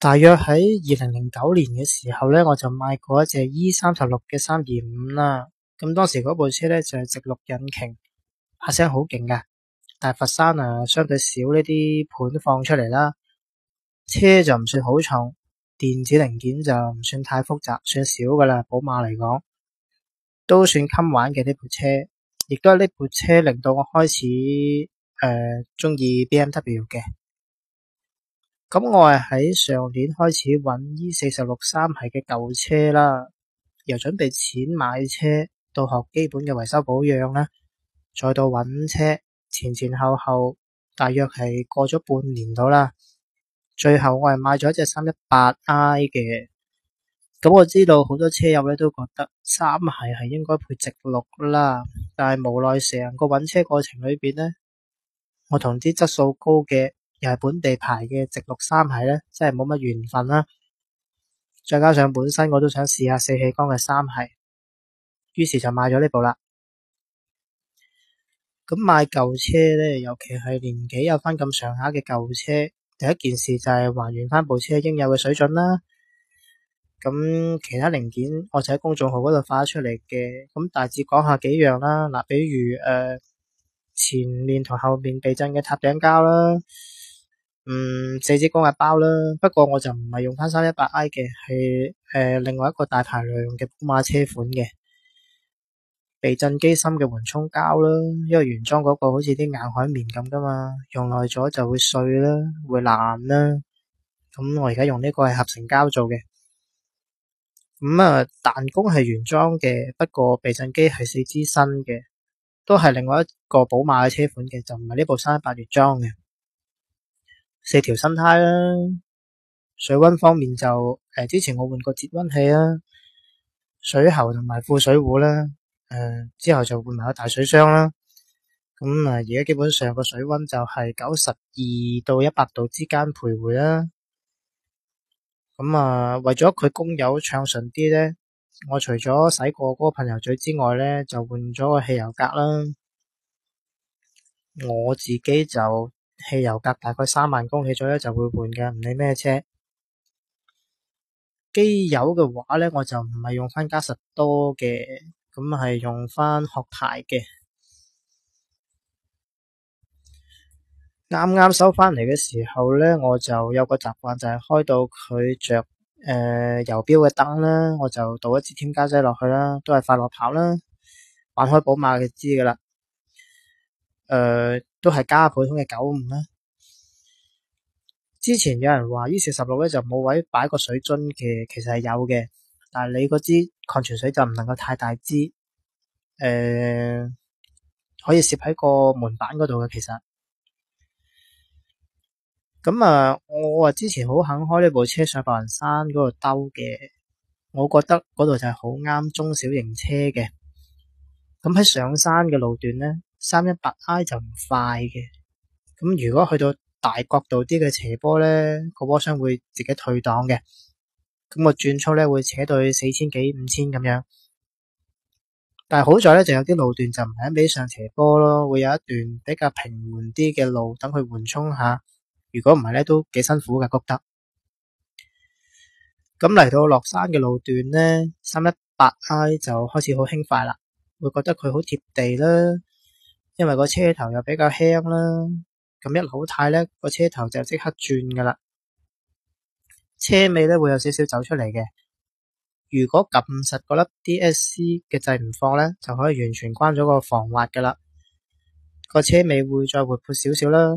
大約喺二零零九年嘅時候咧，我就買過一隻 E 三十六嘅三二五啦。咁當時嗰部車咧就係直六引擎，把聲好勁嘅。但係佛山啊，相對少呢啲盤放出嚟啦。車就唔算好重，電子零件就唔算太複雜，算少噶啦。寶馬嚟講，都算襟玩嘅呢部車。亦都係呢部車令到我開始誒中、呃、意 B M W 嘅。咁我係喺上年開始揾 E46 三系嘅舊車啦，由準備錢買車到學基本嘅維修保養啦，再到揾車，前前後後，大約係過咗半年到啦。最後我係買咗一隻三一八 i 嘅。咁我知道好多車友咧都覺得三系係應該配直六啦，但係無奈成個揾車過程裏邊呢，我同啲質素高嘅。又係本地牌嘅直六三系咧，真係冇乜緣分啦。再加上本身我都想試下四汽缸嘅三系，於是就買咗呢部啦。咁買舊車咧，尤其係年紀有翻咁上下嘅舊車，第一件事就係還原翻部車應有嘅水準啦。咁其他零件我，我就喺公眾號嗰度發咗出嚟嘅。咁大致講下幾樣啦，嗱，比如誒、呃、前面同後面避震嘅塔頂膠啦。嗯，四支鋼架包啦，不過我就唔係用翻三一八 I 嘅，係誒另外一個大排量嘅寶馬車款嘅避震機芯嘅緩衝膠啦，因為原裝嗰個好似啲硬海綿咁噶嘛，用耐咗就會碎啦，會爛啦。咁我而家用呢個係合成膠做嘅，咁啊彈弓係原裝嘅，不過避震機係四支新嘅，都係另外一個寶馬嘅車款嘅，就唔係呢部三一八原裝嘅。四條新胎啦，水溫方面就誒、呃，之前我換過節溫器啦，水喉同埋副水壺啦，誒、呃、之後就換埋個大水箱啦，咁啊而家基本上個水溫就係九十二到一百度之間徘徊啦，咁啊為咗佢供油暢順啲咧，我除咗洗過嗰個噴油嘴之外咧，就換咗個汽油格啦，我自己就。汽油隔大概三萬公里左右就會換嘅，唔理咩車。機油嘅話咧，我就唔係用翻嘉實多嘅，咁係用翻殼牌嘅。啱啱收翻嚟嘅時候咧，我就有個習慣就係開到佢着誒油、呃、標嘅燈啦，我就倒一支添加劑落去啦，都係快樂跑啦，玩開寶馬嘅知噶啦，誒、呃。都係加普通嘅九五啦。之前有人話，E46 咧就冇位擺個水樽嘅，其實係有嘅。但係你嗰支礦泉水就唔能夠太大支，誒、呃，可以攝喺個門板嗰度嘅。其實咁啊，我話之前好肯開呢部車上白雲山嗰度兜嘅，我覺得嗰度就係好啱中小型車嘅。咁喺上山嘅路段咧。三一八 I 就唔快嘅，咁如果去到大角度啲嘅斜坡呢，個波箱會自己退檔嘅，咁個轉速呢，會扯到四千幾五千咁樣。但係好在呢，就有啲路段就唔係一味上斜坡咯，會有一段比較平緩啲嘅路等佢緩衝下。如果唔係呢，都幾辛苦噶，谷得。咁嚟到落山嘅路段呢，三一八 I 就開始好輕快啦，會覺得佢好貼地啦。因為個車頭又比較輕啦，咁一扭軚呢，個車頭就即刻轉噶啦，車尾咧會有少少走出嚟嘅。如果撳實個粒 DSC 嘅掣唔放呢，就可以完全關咗個防滑噶啦，個車尾會再活潑少少啦。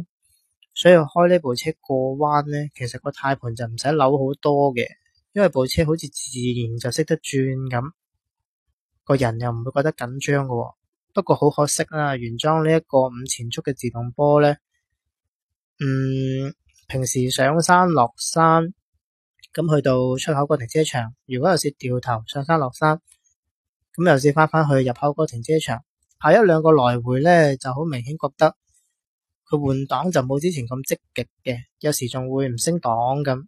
所以開呢部車過彎呢，其實個軚盤就唔使扭好多嘅，因為部車好似自然就識得轉咁，個人又唔會覺得緊張噶。不過好可惜啦，原裝呢一個五前速嘅自動波呢，嗯，平時上山落山咁去到出口個停車場，如果有時掉頭上山落山，咁有時翻返去入口個停車場，下一兩個來回呢，就好明顯覺得佢換擋就冇之前咁積極嘅，有時仲會唔升檔咁。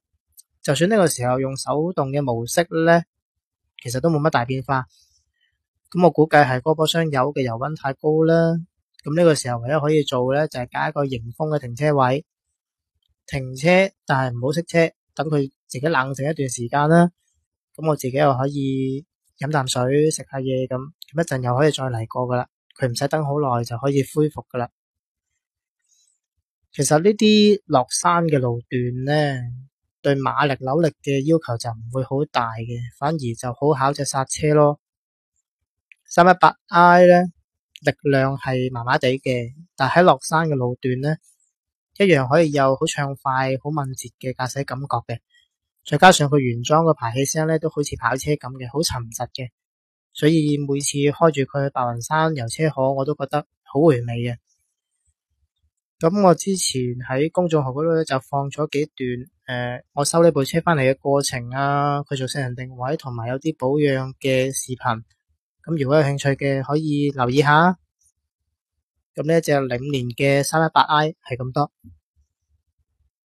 就算呢個時候用手動嘅模式呢，其實都冇乜大變化。咁我估計係嗰波箱油嘅油溫太高啦。咁呢個時候，唯一可以做呢，就係加一個迎風嘅停車位，停車，但係唔好熄車，等佢自己冷靜一段時間啦。咁我自己又可以飲啖水、食下嘢咁，咁一陣又可以再嚟過噶啦。佢唔使等好耐就可以恢復噶啦。其實呢啲落山嘅路段呢，對馬力扭力嘅要求就唔會好大嘅，反而就好考隻剎車咯。三一八 I 咧力量係麻麻地嘅，但喺落山嘅路段咧，一樣可以有好暢快、好敏捷嘅駕駛感覺嘅。再加上佢原裝嘅排氣聲咧，都好似跑車咁嘅，好沉實嘅。所以每次開住佢去白雲山遊車河，我都覺得好回味嘅。咁我之前喺公眾號嗰度咧，就放咗幾段誒、呃，我收呢部車翻嚟嘅過程啊，佢做四輪定位同埋有啲保養嘅視頻。咁如果有興趣嘅可以留意下，咁呢一隻零五年嘅三一八 I 係咁多。